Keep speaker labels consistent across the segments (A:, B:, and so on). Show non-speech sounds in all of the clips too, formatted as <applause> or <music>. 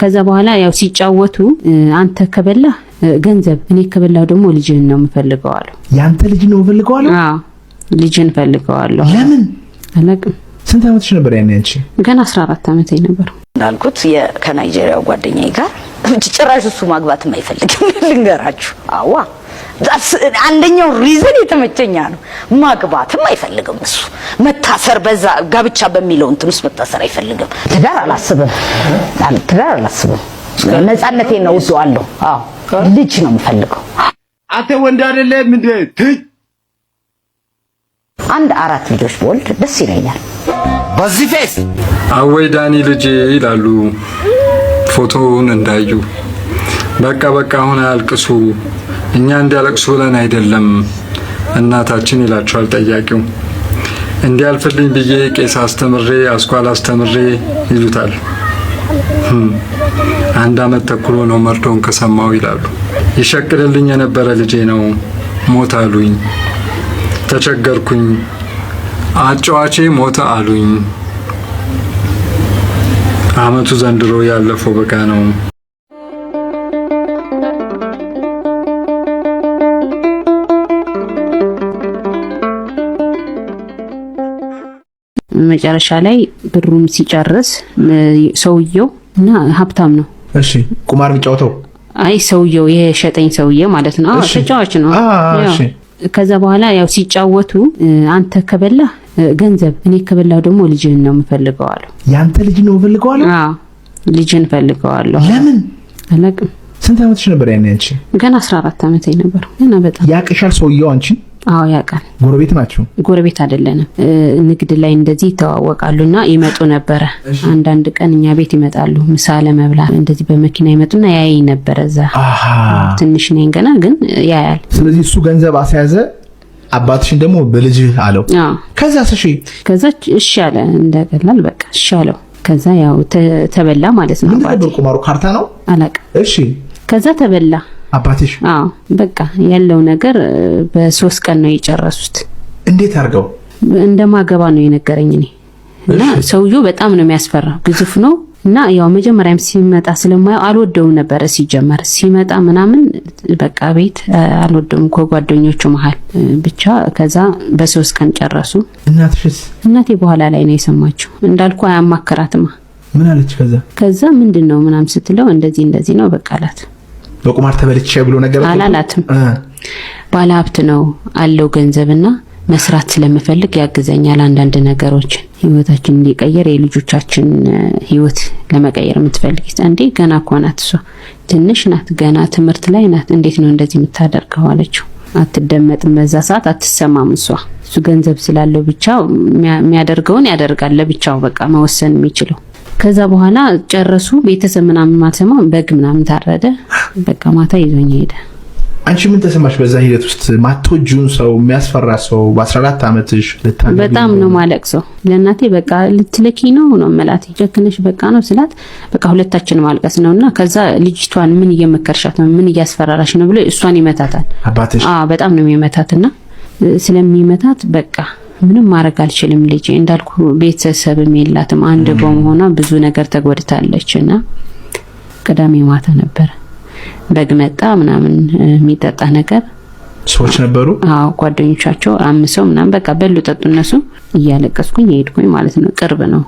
A: ከዛ በኋላ ያው ሲጫወቱ አንተ ከበላ ገንዘብ እኔ ከበላሁ ደግሞ ልጅህን ነው የምፈልገዋለሁ።
B: የአንተ ልጅ ነው የምፈልገዋለሁ።
A: ልጅህን እፈልገዋለሁ። ለምን አላውቅም።
B: ስንት ዓመትሽ ነበር ያኔ አንቺ?
A: ገና 14 ዓመቴ ነበር እንዳልኩት ከናይጄሪያው ጓደኛዬ ጋር ጭራሽ እሱ ማግባት የማይፈልግ <laughs> ልንገራችሁ። አዋ አንደኛው ሪዝን የተመቸኛ ነው። ማግባትም አይፈልግም እሱ መታሰር፣ በዛ ጋብቻ በሚለው እንትን ውስጥ መታሰር አይፈልግም። ትዳር አላስብም፣ ትዳር አላስብም። ነፃነቴን ነው እወስዳለሁ። አዎ ልጅ ነው የምፈልገው።
B: አንተ ወንድ አይደለህ ምንድን
A: አንድ አራት ልጆች በወልድ ደስ ይለኛል።
B: በዚህ ፌስ
C: አወይ ዳኒ ልጄ ይላሉ ፎቶውን እንዳዩ በቃ በቃ አሁን አልቅሱ እኛ እንዲያለቅሱ ብለን አይደለም እናታችን ይላቸዋል ጠያቂው። እንዲያልፍልኝ ብዬ ቄስ አስተምሬ አስኳል አስተምሬ ይሉታል። አንድ አመት ተኩሎ ነው መርዶን ከሰማው ይላሉ። ይሸቅልልኝ የነበረ ልጄ ነው ሞት አሉኝ። ተቸገርኩኝ። አጫዋቼ ሞተ አሉኝ። አመቱ ዘንድሮ ያለፈው በጋ ነው።
A: መጨረሻ ላይ ብሩም ሲጨርስ ሰውየው እና ሀብታም ነው።
B: እሺ ቁማር የሚጫወተው
A: አይ ሰውየው የሸጠኝ ሰውየ ማለት ነው። ተጫዋች ነው። ከዛ በኋላ ያው ሲጫወቱ አንተ ከበላ ገንዘብ፣ እኔ ከበላሁ ደግሞ ልጅህን ነው የምፈልገዋለሁ።
B: የአንተ ልጅ ነው የምፈልገዋለሁ።
A: ልጅህን ፈልገዋለሁ። ለምን አላውቅም።
B: ስንት ዓመትሽ ነበር ያኔ አንቺ?
A: ገና አስራ አራት ዓመት ነበር። ገና በጣም
B: ያቅሻል ሰውየው አንቺን አዎ ያውቃል። ጎረቤት ናቸው።
A: ጎረቤት አይደለንም። ንግድ ላይ እንደዚህ ይተዋወቃሉና ይመጡ ነበረ። አንዳንድ ቀን እኛ ቤት ይመጣሉ፣ ምሳ ለመብላት እንደዚህ በመኪና ይመጡና ያይ ነበረ። እዛ ትንሽ ነኝ ገና፣ ግን ያያል።
B: ስለዚህ እሱ ገንዘብ አስያዘ፣ አባትሽን ደግሞ በልጅ አለው። ከዛ እሺ፣
A: ከዛ እሺ አለ። እንደቀላል በቃ እሺ አለው። ከዛ ያው ተበላ ማለት
B: ነው። ቁማሩ ካርታ ነው። አላውቅም። እሺ፣
A: ከዛ ተበላ አባትሽ? አዎ በቃ ያለው ነገር በሶስት ቀን ነው የጨረሱት። እንዴት አድርገው? እንደማገባ ነው የነገረኝ እኔ እና ሰውየው በጣም ነው የሚያስፈራው፣ ግዙፍ ነው እና ያው መጀመሪያም ሲመጣ ስለማየው አልወደውም ነበረ። ሲጀመር ሲመጣ ምናምን በቃ ቤት አልወደውም ከጓደኞቹ መሀል ብቻ። ከዛ በሶስት ቀን ጨረሱ። እናትሽስ? እናቴ በኋላ ላይ ነው የሰማችው። እንዳልኩ አያማክራትማ። ምን አለች ከዛ? ከዛ ምንድን ነው ምናምን ስትለው እንደዚህ እንደዚህ ነው በቃላት
B: በቁማር ተበልቼ ብሎ ነገር
A: አላላትም። ባለ ሀብት ነው አለው ገንዘብና መስራት ስለምፈልግ ያግዘኛል አንዳንድ ነገሮችን ህይወታችን እንዲቀየር የልጆቻችን ህይወት ለመቀየር የምትፈልጊት እንዴ ገና እኮ ናት እሷ ትንሽ ናት ገና ትምህርት ላይ ናት እንዴት ነው እንደዚህ የምታደርገው አለችው አትደመጥም በዛ ሰዓት አትሰማም እሷ እሱ ገንዘብ ስላለው ብቻ የሚያደርገውን ያደርጋል ለብቻው በቃ መወሰን የሚችለው ከዛ በኋላ ጨረሱ። ቤተሰብ ምናምን ማተማ በግ ምናምን ታረደ። በቃ ማታ ይዞኝ ሄደ።
B: አንቺ ምን ተሰማሽ በዛ ሂደት ውስጥ? ማትወጂውን ሰው የሚያስፈራ ሰው በ14 ዓመትሽ
A: በጣም ነው ማለቅ ሰው ለእናቴ በቃ ልትለኪ ነው ነው መላት ጨክነሽ በቃ ነው ስላት በቃ ሁለታችን ማልቀስ ነው እና ከዛ ልጅቷን ምን እየመከርሻት ነው ምን እያስፈራራሽ ነው ብሎ እሷን ይመታታል። በጣም ነው የሚመታትና ስለሚመታት በቃ ምንም ማድረግ አልችልም። ልጅ እንዳልኩ ቤተሰብም የላትም አንድ በመሆኗ ብዙ ነገር ተጎድታለች። እና ቅዳሜ ማታ ነበረ በግ መጣ ምናምን የሚጠጣ ነገር ሰዎች ነበሩ። አዎ ጓደኞቻቸው አምሰው ምናምን በቃ በሉ ጠጡ። እነሱ እያለቀስኩኝ ሄድኩኝ ማለት ነው። ቅርብ ነው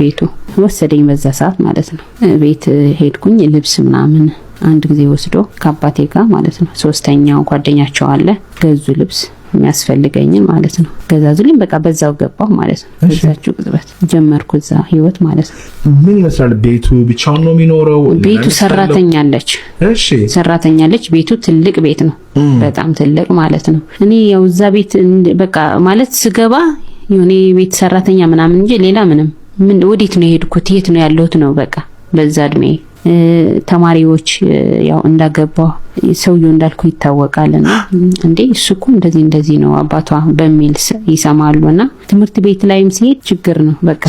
A: ቤቱ ወሰደኝ በዛ ሰዓት ማለት ነው። ቤት ሄድኩኝ ልብስ ምናምን አንድ ጊዜ ወስዶ ከአባቴ ጋር ማለት ነው። ሶስተኛው ጓደኛቸው አለ ገዙ ልብስ የሚያስፈልገኝን ማለት ነው ገዛዙልኝ። በቃ በዛው ገባሁ ማለት ነው። ዛችው ቅጽበት ጀመርኩ እዛ ህይወት ማለት ነው።
B: ምን ይመስላል ቤቱ? ብቻውን ነው የሚኖረው?
A: ቤቱ ሰራተኛ አለች፣ ሰራተኛ አለች። ቤቱ ትልቅ ቤት ነው፣ በጣም ትልቅ ማለት ነው። እኔ ያው እዛ ቤት በቃ ማለት ስገባ የሆነ ቤት ሰራተኛ ምናምን እንጂ ሌላ ምንም ምን ወዴት ነው የሄድኩት የት ነው ያለሁት ነው በቃ በዛ እድሜ ተማሪዎች ያው እንዳገባ ሰውየው እንዳልኩ ይታወቃል እና እንዴ እሱ እኮ እንደዚህ እንደዚህ ነው አባቷ በሚል ይሰማሉ እና ትምህርት ቤት ላይም ሲሄድ ችግር ነው። በቃ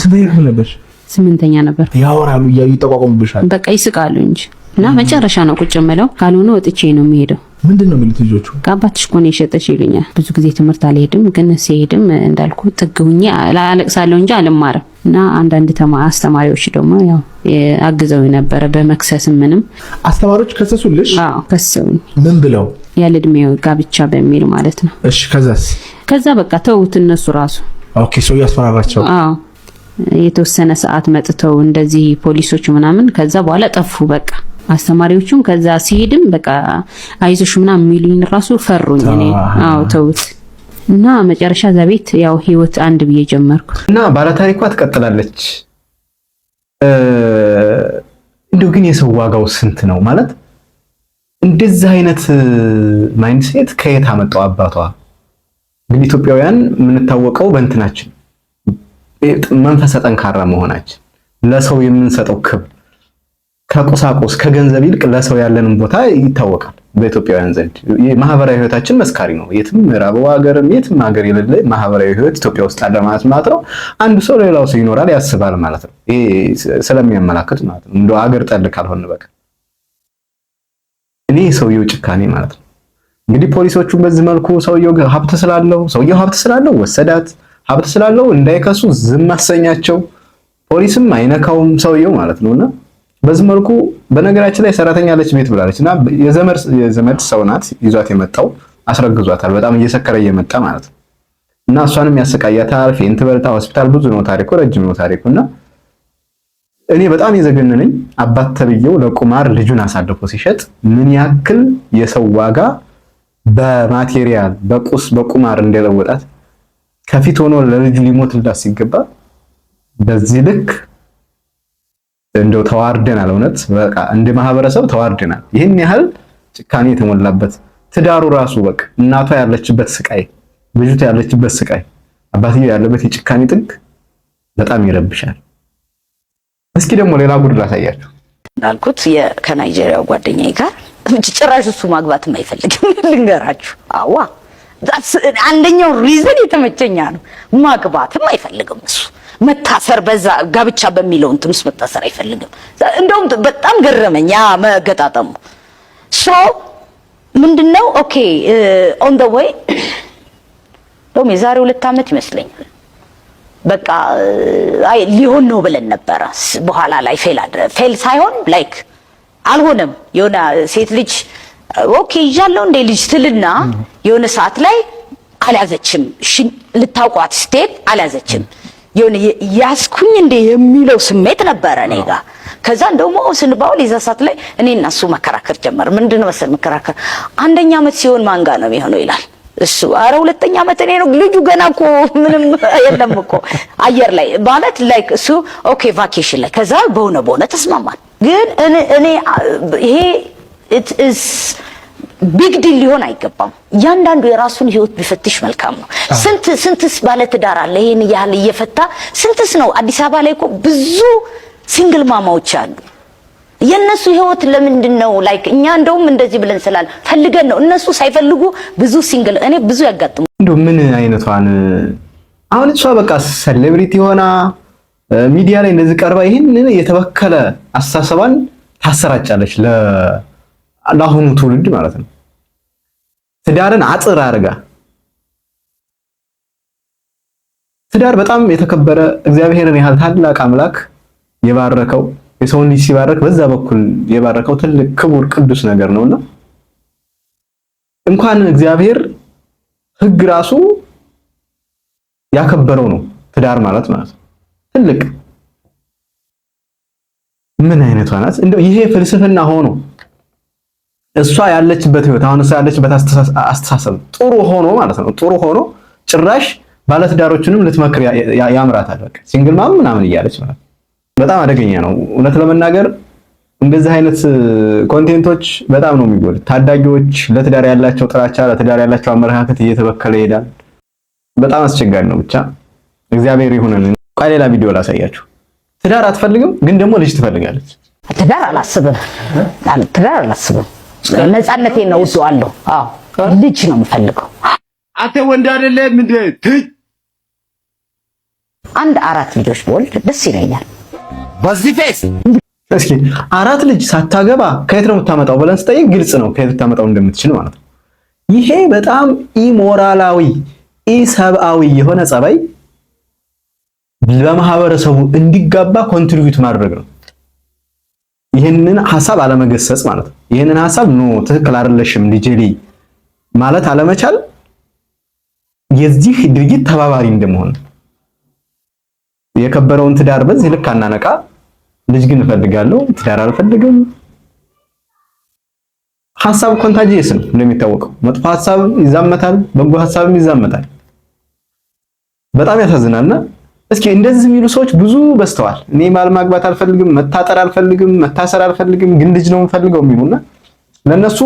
A: ስምንተኛ ነበር
B: ያወራሉ፣ ይጠቋቋሙብሻል።
A: በቃ ይስቃሉ እንጂ እና መጨረሻ ነው ቁጭ የምለው ካልሆነ ወጥቼ ነው የሚሄደው
B: ምንድን ነው የሚሉት ልጆቹ?
A: አባትሽ እኮ ነው የሸጠች ይሉኛል። ብዙ ጊዜ ትምህርት አልሄድም፣ ግን ሲሄድም እንዳልኩ ጥግ ሁኜ አለቅሳለሁ እንጂ አልማርም። እና አንዳንድ አስተማሪዎች ደግሞ ያው አግዘው የነበረ በመክሰስ ምንም።
B: አስተማሪዎች ከሰሱልሽ? አዎ ምን ብለው?
A: ያለ እድሜው ጋብቻ በሚል ማለት ነው። እሺ ከዛስ? ከዛ በቃ ተውት እነሱ ራሱ።
B: ኦኬ ሰው ያስፈራራቸው?
A: አዎ የተወሰነ ሰዓት መጥተው እንደዚህ ፖሊሶች ምናምን፣ ከዛ በኋላ ጠፉ በቃ አስተማሪዎቹም ከዛ ሲሄድም በቃ አይዞሽ ምናምን የሚሉኝ ራሱ ፈሩኝ። እኔ አዎ ተውት እና መጨረሻ እዛ ቤት ያው ህይወት አንድ ብዬ ጀመርኩ
B: እና ባለታሪኳ ትቀጥላለች። እንደው ግን የሰው ዋጋው ስንት ነው ማለት እንደዚህ አይነት ማይንድሴት ከየት አመጣው አባቷ? ግን ኢትዮጵያውያን የምንታወቀው በእንትናችን መንፈሰ ጠንካራ መሆናችን ለሰው የምንሰጠው ክብር ከቁሳቁስ ከገንዘብ ይልቅ ለሰው ያለንን ቦታ ይታወቃል። በኢትዮጵያውያን ዘንድ ማህበራዊ ህይወታችን መስካሪ ነው። የትም ምዕራብ ሀገርም የትም ሀገር የሌለ ማህበራዊ ህይወት ኢትዮጵያ ውስጥ አለ ማለት ማለት ነው። አንዱ ሰው ሌላው ሰው ይኖራል ያስባል ማለት ነው። ይሄ ስለሚያመላክት ማለት ነው። እንደ አገር ጠል ካልሆን በቃ እኔ ሰውየው ጭካኔ ማለት ነው። እንግዲህ ፖሊሶቹ በዚህ መልኩ ሰውየው ሀብት ስላለው ሰውየው ሀብት ስላለው ወሰዳት፣ ሀብት ስላለው እንዳይከሱ ዝም አሰኛቸው፣ ፖሊስም አይነካውም ሰውየው ማለት ነውና በዚህ መልኩ በነገራችን ላይ ሰራተኛ አለች ቤት ብላለች እና የዘመድ የዘመድ ሰው ናት ይዟት የመጣው አስረግዟታል። በጣም እየሰከረ እየመጣ ማለት ነው እና እሷንም ያሰቃያታል። ፌንት በልታ ሆስፒታል ብዙ ነው ታሪኩ፣ ረጅም ነው ታሪኩ እና እኔ በጣም የዘገነነኝ አባት ተብዬው ለቁማር ልጁን አሳልፎ ሲሸጥ ምን ያክል የሰው ዋጋ በማቴሪያል በቁስ በቁማር እንደለወጣት ከፊት ሆኖ ለልጁ ሊሞት ሲገባ በዚህ ልክ እንደው ተዋርደናል። እውነት በቃ እንደ ማህበረሰብ ተዋርደናል። ይህን ያህል ጭካኔ የተሞላበት ትዳሩ ራሱ በቃ እናቷ ያለችበት ስቃይ፣ ልጅቷ ያለችበት ስቃይ፣ አባትየው ያለበት የጭካኔ ጥግ በጣም ይረብሻል። እስኪ ደግሞ ሌላ ጉድ ላሳያችሁ።
A: እንዳልኩት ከናይጄሪያው ጓደኛዬ ጋር ጭራሽ እሱ ማግባት የማይፈልግም <laughs> ልንገራችሁ። አዋ አንደኛው ሪዝን የተመቸኛ ነው። ማግባትም አይፈልግም እሱ መታሰር በዛ ጋብቻ በሚለው እንትን ውስጥ መታሰር አይፈልግም። እንደውም በጣም ገረመኝ ያ መገጣጠሙ። ሶ ምንድነው ኦኬ ኦን ዘ ዌይ እንደውም የዛሬ ሁለት ዓመት ይመስለኛል በቃ አይ ሊሆን ነው ብለን ነበረ። በኋላ ላይ ፌል ፌል ሳይሆን ላይክ አልሆነም። የሆነ ሴት ልጅ ኦኬ ይዣለሁ እንደ ልጅ ትልና የሆነ ሰዓት ላይ አልያዘችም። ልታውቋት ስትሄድ አልያዘችም። የሆነ ያስኩኝ እንደ የሚለው ስሜት ነበረ እኔ ጋ። ከዛ እንደውም ስንባውል የዛ ሰዓት ላይ እኔ እና እሱ መከራከር ጀመር። ምንድን ነው መሰል መከራከር፣ አንደኛ ዓመት ሲሆን ማንጋ ነው የሚሆነው ይላል እሱ። አረ ሁለተኛ ዓመት እኔ ነው ልጁ ገና እኮ ምንም <laughs> የለም እኮ አየር ላይ ማለት ላይክ እሱ ኦኬ ቫኬሽን ላይ። ከዛ በሆነ በሆነ ተስማማል። ግን እኔ ይሄ ኢትስ ቢግ ዲል ሊሆን አይገባም። እያንዳንዱ የራሱን ህይወት ቢፈትሽ መልካም ነው። ስንት ስንትስ ባለ ትዳር አለ ይሄን ያህል እየፈታ ስንትስ ነው። አዲስ አበባ ላይ እኮ ብዙ ሲንግል ማማዎች አሉ። የእነሱ ህይወት ለምንድን ነው ላይክ እኛ እንደውም እንደዚህ ብለን ስላል ፈልገን ነው እነሱ ሳይፈልጉ ብዙ ሲንግል እኔ ብዙ ያጋጥሙ
B: እንዶ ምን አይነቷን አሁን እሷ በቃ ሴሌብሪቲ ሆና ሚዲያ ላይ እንደዚህ ቀርባ ይህን የተበከለ አስተሳሰባን ታሰራጫለች ለ ለአሁኑ ትውልድ ማለት ነው። ትዳርን አጥር አርጋ ትዳር በጣም የተከበረ እግዚአብሔርን ያህል ታላቅ አምላክ የባረከው የሰውን ልጅ ሲባረክ በዛ በኩል የባረከው ትልቅ ክቡር ቅዱስ ነገር ነውና እንኳን እግዚአብሔር ሕግ ራሱ ያከበረው ነው ትዳር ማለት ማለት ትልቅ ምን አይነቷ ናት? እንደው ይሄ ፍልስፍና ሆኖ እሷ ያለችበት ህይወት አሁን እሷ ያለችበት አስተሳሰብ ጥሩ ሆኖ ማለት ነው ጥሩ ሆኖ ጭራሽ ባለትዳሮችንም ልትመክር ያምራታል። በቃ ሲንግል ማም ምናምን እያለች ማለት በጣም አደገኛ ነው። እውነት ለመናገር እንደዚህ አይነት ኮንቴንቶች በጣም ነው የሚጎል። ታዳጊዎች ለትዳር ያላቸው ጥላቻ፣ ለትዳር ያላቸው አመለካከት እየተበከለ ይሄዳል። በጣም አስቸጋሪ ነው። ብቻ እግዚአብሔር ይሁንን። ቃ ሌላ ቪዲዮ ላሳያችሁ። ትዳር አትፈልግም፣ ግን ደግሞ ልጅ ትፈልጋለች።
A: ትዳር አላስብም፣ ትዳር አላስብም ነፃነቴ ነው እወደዋለሁ። አዎ ልጅ ነው የምፈልገው።
B: አንተ ወንድ አይደለም እንዴ?
A: አንድ አራት ልጆች በወልድ ደስ ይለኛል።
B: በዚህ ፌስ እስኪ አራት ልጅ ሳታገባ ከየት ነው የምታመጣው ብለን ስጠይቅ ግልጽ ነው ከየት የምታመጣው እንደምትችል ማለት ነው። ይሄ በጣም ኢሞራላዊ ኢሰብአዊ የሆነ ጸባይ በማህበረሰቡ እንዲጋባ ኮንትሪቢዩት ማድረግ ነው። ይህንን ሐሳብ አለመገሰጽ ማለት ነው። ይህንን ሐሳብ ኖ ትክክል አይደለሽም ልጄ ማለት አለመቻል የዚህ ድርጊት ተባባሪ እንደመሆን የከበረውን ትዳር በዚህ ልክ አናነቃ። ልጅ ግን እፈልጋለሁ፣ ትዳር አልፈልግም። ሐሳብ ኮንታጂየስ ነው እንደሚታወቀው፣ መጥፎ ሐሳብ ይዛመታል፣ በጎ ሐሳብም ይዛመታል። በጣም ያሳዝናልና እስኪ እንደዚህ የሚሉ ሰዎች ብዙ በዝተዋል። እኔ ባል ማግባት አልፈልግም፣ መታጠር አልፈልግም፣ መታሰር አልፈልግም፣ ግን ልጅ ነው የምፈልገው የሚሉና ለነሱ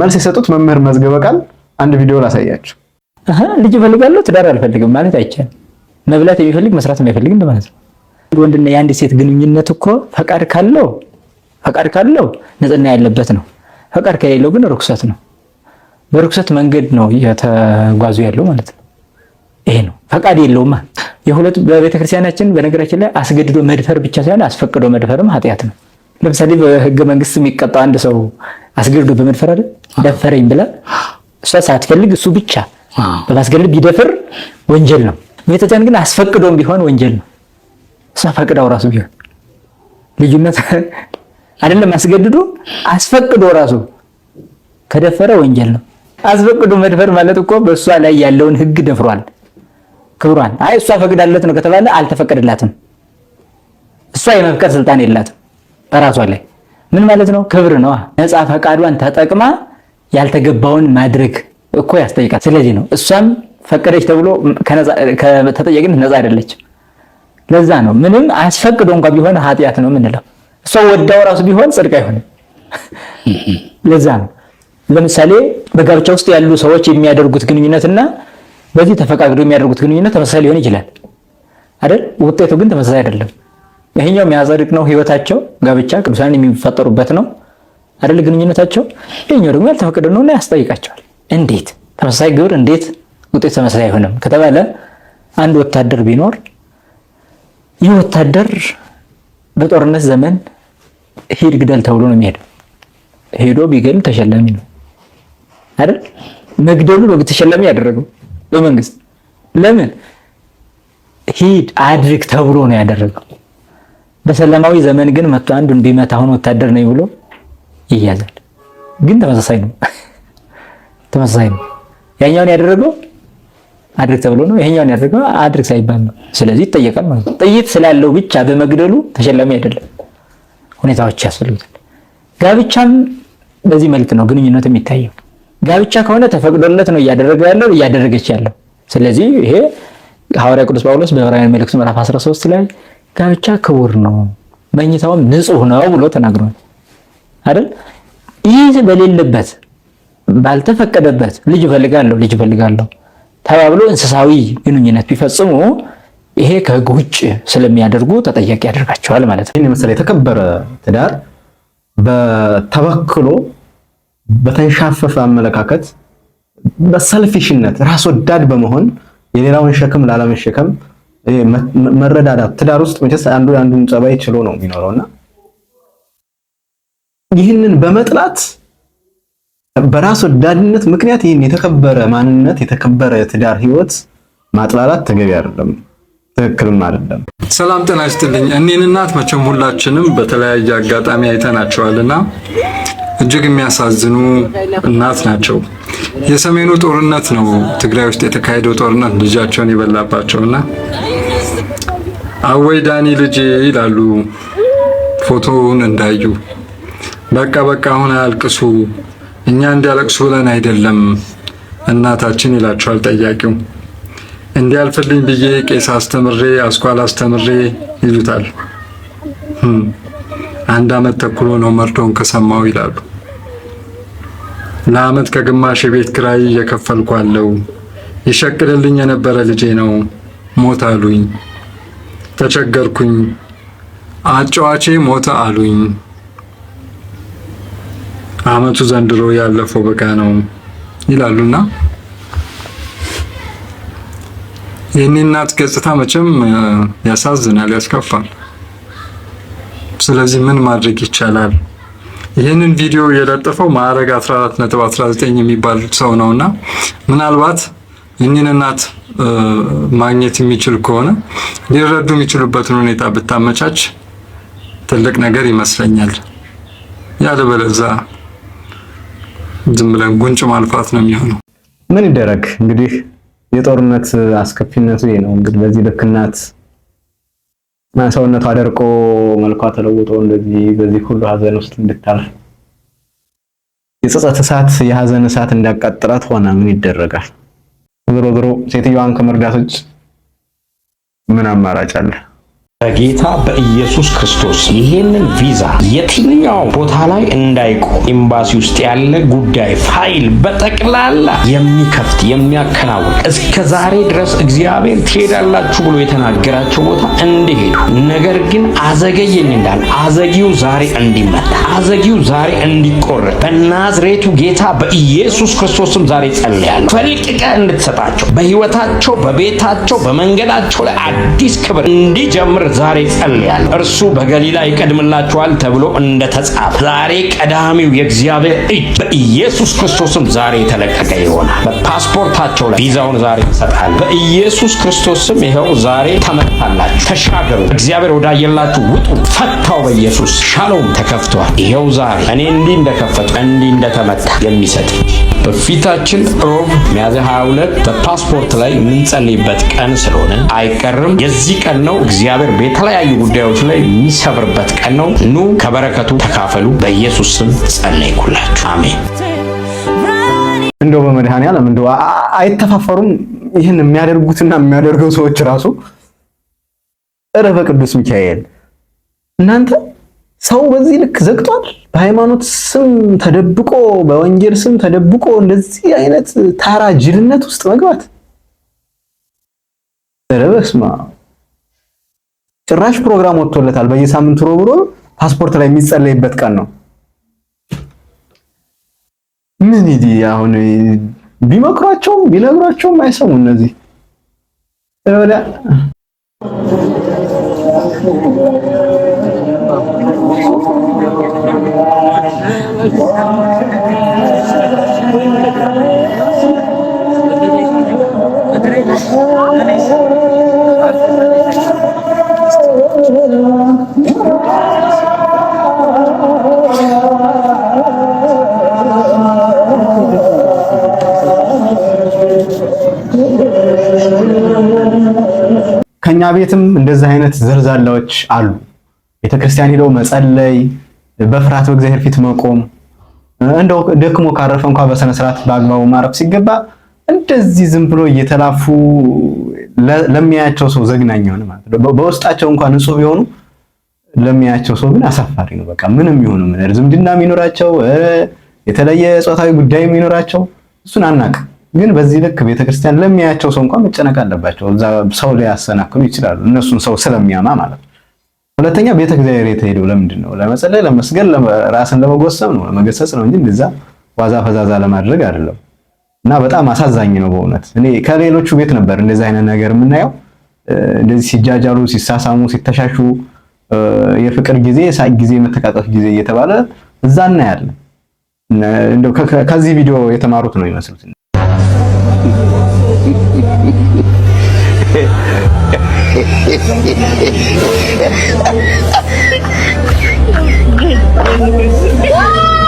B: መልስ የሰጡት መምህር መዝገበ ቃል አንድ ቪዲዮ ላሳያችሁ። ልጅ እፈልጋለሁ ትዳር አልፈልግም ማለት አይቻልም። መብላት የሚፈልግ መስራት የማይፈልግ እንደማለት ነው። ወንድና የአንድ ሴት ግንኙነት እኮ ፈቃድ ካለው ፈቃድ ካለው ንጽህና ያለበት ነው። ፈቃድ ከሌለው ግን ርኩሰት ነው። በርኩሰት መንገድ ነው እየተጓዙ ያለው ማለት ነው። ይሄ ነው። ፈቃድ የለውማ የሁለቱ በቤተክርስቲያናችን በነገራችን ላይ አስገድዶ መድፈር ብቻ ሳይሆን አስፈቅዶ መድፈርም ኃጢአት ነው። ለምሳሌ በህገ መንግስት የሚቀጣው አንድ ሰው አስገድዶ በመድፈር አለ ደፈረኝ ብላ እሷ ሳትፈልግ እሱ ብቻ በማስገድድ ቢደፍር ወንጀል ነው። ቤተክርስቲያን ግን አስፈቅዶም ቢሆን ወንጀል ነው። እሷ ፈቅዳው ራሱ ቢሆን ልዩነት <laughs> አይደለም። አስገድዶ አስፈቅዶ ራሱ ከደፈረ ወንጀል ነው። አስፈቅዶ መድፈር ማለት እኮ በእሷ ላይ ያለውን ህግ ደፍሯል። ክብሯን አይ እሷ ፈቅዳለት ነው ከተባለ አልተፈቀደላትም። እሷ የመፍቀድ ስልጣን የላትም በራሷ ላይ። ምን ማለት ነው? ክብር ነው። ነፃ ፈቃዷን ተጠቅማ ያልተገባውን ማድረግ እኮ ያስጠይቃል። ስለዚህ ነው እሷም ፈቀደች ተብሎ ከተጠየቅነት ነፃ አይደለችም። ለዛ ነው ምንም አስፈቅዶ እንኳ ቢሆን ኃጢአት ነው የምንለው። እሷ ወዳው ራሱ ቢሆን ጽድቅ አይሆንም። ለዛ ነው ለምሳሌ በጋብቻ ውስጥ ያሉ ሰዎች የሚያደርጉት ግንኙነትና በዚህ ተፈቃቅዶ የሚያደርጉት ግንኙነት ተመሳሳይ ሊሆን ይችላል አይደል? ውጤቱ ግን ተመሳሳይ አይደለም። ይሄኛው የሚያጸድቅ ነው ህይወታቸው፣ ጋብቻ ቅዱሳን የሚፈጠሩበት ነው አይደል? ግንኙነታቸው። ይሄኛው ደግሞ ያልተፈቀደ ነውና ያስጠይቃቸዋል። እንዴት ተመሳሳይ ግብር እንዴት ውጤት ተመሳሳይ አይሆንም ከተባለ አንድ ወታደር ቢኖር ይህ ወታደር በጦርነት ዘመን ሂድ ግደል ተብሎ ነው የሚሄደው። ሄዶ ቢገድል ተሸላሚ ነው አይደል? መግደሉ ነው ተሸላሚ ያደረገው። በመንግስት ለምን ሂድ አድርግ ተብሎ ነው ያደረገው። በሰላማዊ ዘመን ግን መቶ አንዱን ቢመታ አሁን ወታደር ነኝ ብሎ ይያዛል። ግን ተመሳሳይ ነው፣ <laughs> ተመሳሳይ ነው። ያኛውን ያደረገው አድርግ ተብሎ ነው፣ ይሄኛውን ያደረገው አድርግ ሳይባል ነው። ስለዚህ ይጠየቃል ማለት ነው። ጥይት ስላለው ብቻ በመግደሉ ተሸላሚ አይደለም። ሁኔታዎች ያስፈልጋል። ጋብቻም በዚህ መልክ ነው ግንኙነት የሚታየው። ጋብቻ ከሆነ ተፈቅዶለት ነው እያደረገ ያለው እያደረገች ያለው። ስለዚህ ይሄ ሐዋርያ ቅዱስ ጳውሎስ በዕብራውያን መልእክቱ ምዕራፍ 13 ላይ ጋብቻ ክቡር ነው መኝታውም ንጹህ ነው ብሎ ተናግሯል አይደል? ይህ በሌለበት ባልተፈቀደበት ልጅ እፈልጋለሁ ልጅ እፈልጋለሁ ተባብሎ እንስሳዊ ግንኙነት ቢፈጽሙ ይሄ ከህግ ውጭ ስለሚያደርጉ ተጠያቂ ያደርጋቸዋል ማለት ነው። ይህን የመሰለ የተከበረ ትዳር በተበክሎ በተንሻፈፈ አመለካከት በሰልፊሽነት ራስ ወዳድ በመሆን የሌላውን ሸክም ላለመሸከም መረዳዳት ትዳር ውስጥ መቼስ አንዱ አንዱን ጸባይ ችሎ ነው የሚኖረውና ይህንን በመጥላት በራስ ወዳድነት ምክንያት ይህን የተከበረ ማንነት የተከበረ ትዳር ህይወት ማጥላላት ተገቢ አይደለም፣ ትክክልም አይደለም።
D: ሰላም ጤና ይስጥልኝ። እኔን እናት መቼም ሁላችንም በተለያየ አጋጣሚ አይተናቸዋልና እጅግ የሚያሳዝኑ እናት ናቸው። የሰሜኑ ጦርነት ነው ትግራይ ውስጥ የተካሄደው ጦርነት ልጃቸውን የበላባቸው እና አወይ ዳኒ ልጄ ይላሉ ፎቶውን እንዳዩ። በቃ በቃ አሁን አያልቅሱ፣ እኛ እንዲያለቅሱ ብለን አይደለም እናታችን ይላቸዋል ጠያቂው። እንዲያልፍልኝ ብዬ ቄስ አስተምሬ አስኳል አስተምሬ ይሉታል። አንድ አመት ተኩሎ ነው መርዶን ከሰማው ይላሉ። ለአመት ከግማሽ የቤት ክራይ እየከፈልኩ አለው። ይሸቅልልኝ የነበረ ልጄ ነው ሞት አሉኝ። ተቸገርኩኝ። አጫዋቼ ሞተ አሉኝ። አመቱ ዘንድሮ ያለፈው በጋ ነው ይላሉና የኔ እናት ገጽታ መቼም ያሳዝናል፣ ያስከፋል። ስለዚህ ምን ማድረግ ይቻላል? ይህንን ቪዲዮ የለጠፈው ማዕረግ 14.19 የሚባል ሰው ነውና ምናልባት እኚህን እናት ማግኘት የሚችል ከሆነ ሊረዱ የሚችሉበትን ሁኔታ ብታመቻች ትልቅ ነገር ይመስለኛል። ያለበለዛ ዝም ብለን ጉንጭ ማልፋት ነው የሚሆነው።
B: ምን ይደረግ እንግዲህ የጦርነት አስከፊነቱ ነው። እንግዲህ በዚህ ልክ እናት ሰውነቷ ደርቆ መልኳ ተለውጦ እንደዚህ በዚህ ሁሉ ሀዘን ውስጥ እንድታልፍ የጸጸት እሳት የሀዘን እሳት እንዳቃጥላት ሆነ። ምን ይደረጋል? ዞሮ ዞሮ ሴትዮዋን ከመርዳት ውጭ ምን አማራጭ አለ?
E: በጌታ በኢየሱስ ክርስቶስ ይህንን ቪዛ የትኛው ቦታ ላይ እንዳይቆም ኤምባሲ ውስጥ ያለ ጉዳይ ፋይል በጠቅላላ የሚከፍት የሚያከናውን እስከ ዛሬ ድረስ እግዚአብሔር ትሄዳላችሁ ብሎ የተናገራቸው ቦታ እንዲሄዱ ነገር ግን አዘገየኝ እንዳለ አዘጊው ዛሬ እንዲመታ አዘጊው ዛሬ እንዲቆረጥ በናዝሬቱ ጌታ በኢየሱስ ክርስቶስም ዛሬ ጸልያለሁ። ፈልቅቀ እንድትሰጣቸው በህይወታቸው በቤታቸው በመንገዳቸው ላይ አዲስ ክብር እንዲጀምር ዛሬ ጸልያለሁ። እርሱ በገሊላ ይቀድምላችኋል ተብሎ እንደተጻፈ ዛሬ ቀዳሚው የእግዚአብሔር እጅ በኢየሱስ ክርስቶስም ዛሬ የተለቀቀ ይሆናል። በፓስፖርታቸው ላይ ቪዛውን ዛሬ ይሰጣል። በኢየሱስ ክርስቶስም ይኸው ዛሬ ተመታላችሁ፣ ተሻገሩ፣ እግዚአብሔር ወዳየላችሁ ውጡ፣ ፈታው። በኢየሱስ ሻሎም ተከፍቷል። ይኸው ዛሬ እኔ እንዲህ እንደከፈቱ እንዲህ እንደተመታ የሚሰጥ በፊታችን ሮብ ሚያዝያ 22 በፓስፖርት ላይ የምንጸልይበት ቀን ስለሆነ አይቀርም። የዚህ ቀን ነው እግዚአብሔር የተለያዩ ጉዳዮች ላይ የሚሰብርበት ቀን ነው። ኑ ከበረከቱ ተካፈሉ። በኢየሱስ ስም ጸለይኩላችሁ። አሜን።
B: እንደው በመድኃኔዓለም እንደው አይተፋፈሩም። ይህን የሚያደርጉትና የሚያደርገው ሰዎች ራሱ እረ በቅዱስ ሚካኤል እናንተ ሰው በዚህ ልክ ዘግቷል። በሃይማኖት ስም ተደብቆ በወንጌል ስም ተደብቆ እንደዚህ አይነት ታራ ጅልነት ውስጥ መግባት ረበስማ ጭራሽ ፕሮግራም ወጥቶለታል። በየሳምንቱ ሮብ ሮብ ፓስፖርት ላይ የሚጸለይበት ቀን ነው። ምን ይዲ አሁን ቢመክሯቸውም ቢነግሯቸውም አይሰሙ እነዚህ ከኛ ቤትም እንደዚህ አይነት ዘልዛላዎች አሉ። ቤተክርስቲያን ሄደው መጸለይ፣ በፍርሃት በእግዚአብሔር ፊት መቆም፣ እንደው ደክሞ ካረፈ እንኳ በስነ ስርዓት በአግባቡ ማረፍ ሲገባ እንደዚህ ዝም ብሎ እየተላፉ ለሚያያቸው ሰው ዘግናኝ ሆነ ማለት ነው። በውስጣቸው እንኳን ንጹህ ቢሆኑ ለሚያያቸው ሰው ግን አሳፋሪ ነው። በቃ ምንም ይሆኑ ምን ዝምድና የሚኖራቸው የተለየ ጾታዊ ጉዳይ የሚኖራቸው እሱን አናቅ ግን በዚህ ልክ ቤተክርስቲያን ለሚያያቸው ሰው እንኳን መጨነቅ አለባቸው። እዛ ሰው ሊያሰናክሉ ይችላሉ፣ እነሱን ሰው ስለሚያማ ማለት ነው። ሁለተኛ ቤተ እግዚአብሔር የተሄደው ለምንድን ነው? ለመጸለይ፣ ለመስገድ፣ ራስን ለመጎሰም ነው፣ ለመገሰጽ ነው እንጂ እንደዛ ዋዛ ፈዛዛ ለማድረግ አይደለም። እና በጣም አሳዛኝ ነው በእውነት እኔ ከሌሎቹ ቤት ነበር እንደዚህ አይነት ነገር የምናየው። እንደዚህ ሲጃጃሉ፣ ሲሳሳሙ፣ ሲተሻሹ የፍቅር ጊዜ፣ የሳቅ ጊዜ፣ የመተቃቀፍ ጊዜ እየተባለ እዛ እናያለን። እንደው ከዚህ ቪዲዮ የተማሩት ነው ይመስሉት። <laughs>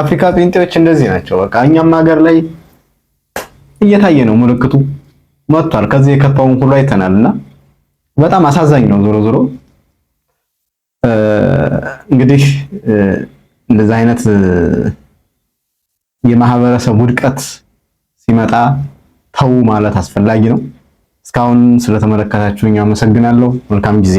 B: አፍሪካ ጴንጤዎች እንደዚህ ናቸው። በቃ እኛም ሀገር ላይ እየታየ ነው ምልክቱ መጥቷል። ከዚህ የከፋውን ሁሉ አይተናልና በጣም አሳዛኝ ነው። ዞሮ ዞሮ እንግዲህ እንደዚህ አይነት የማህበረሰብ ውድቀት ሲመጣ ተው ማለት አስፈላጊ ነው። እስካሁን ስለተመለከታችሁኝ አመሰግናለሁ። መልካም ጊዜ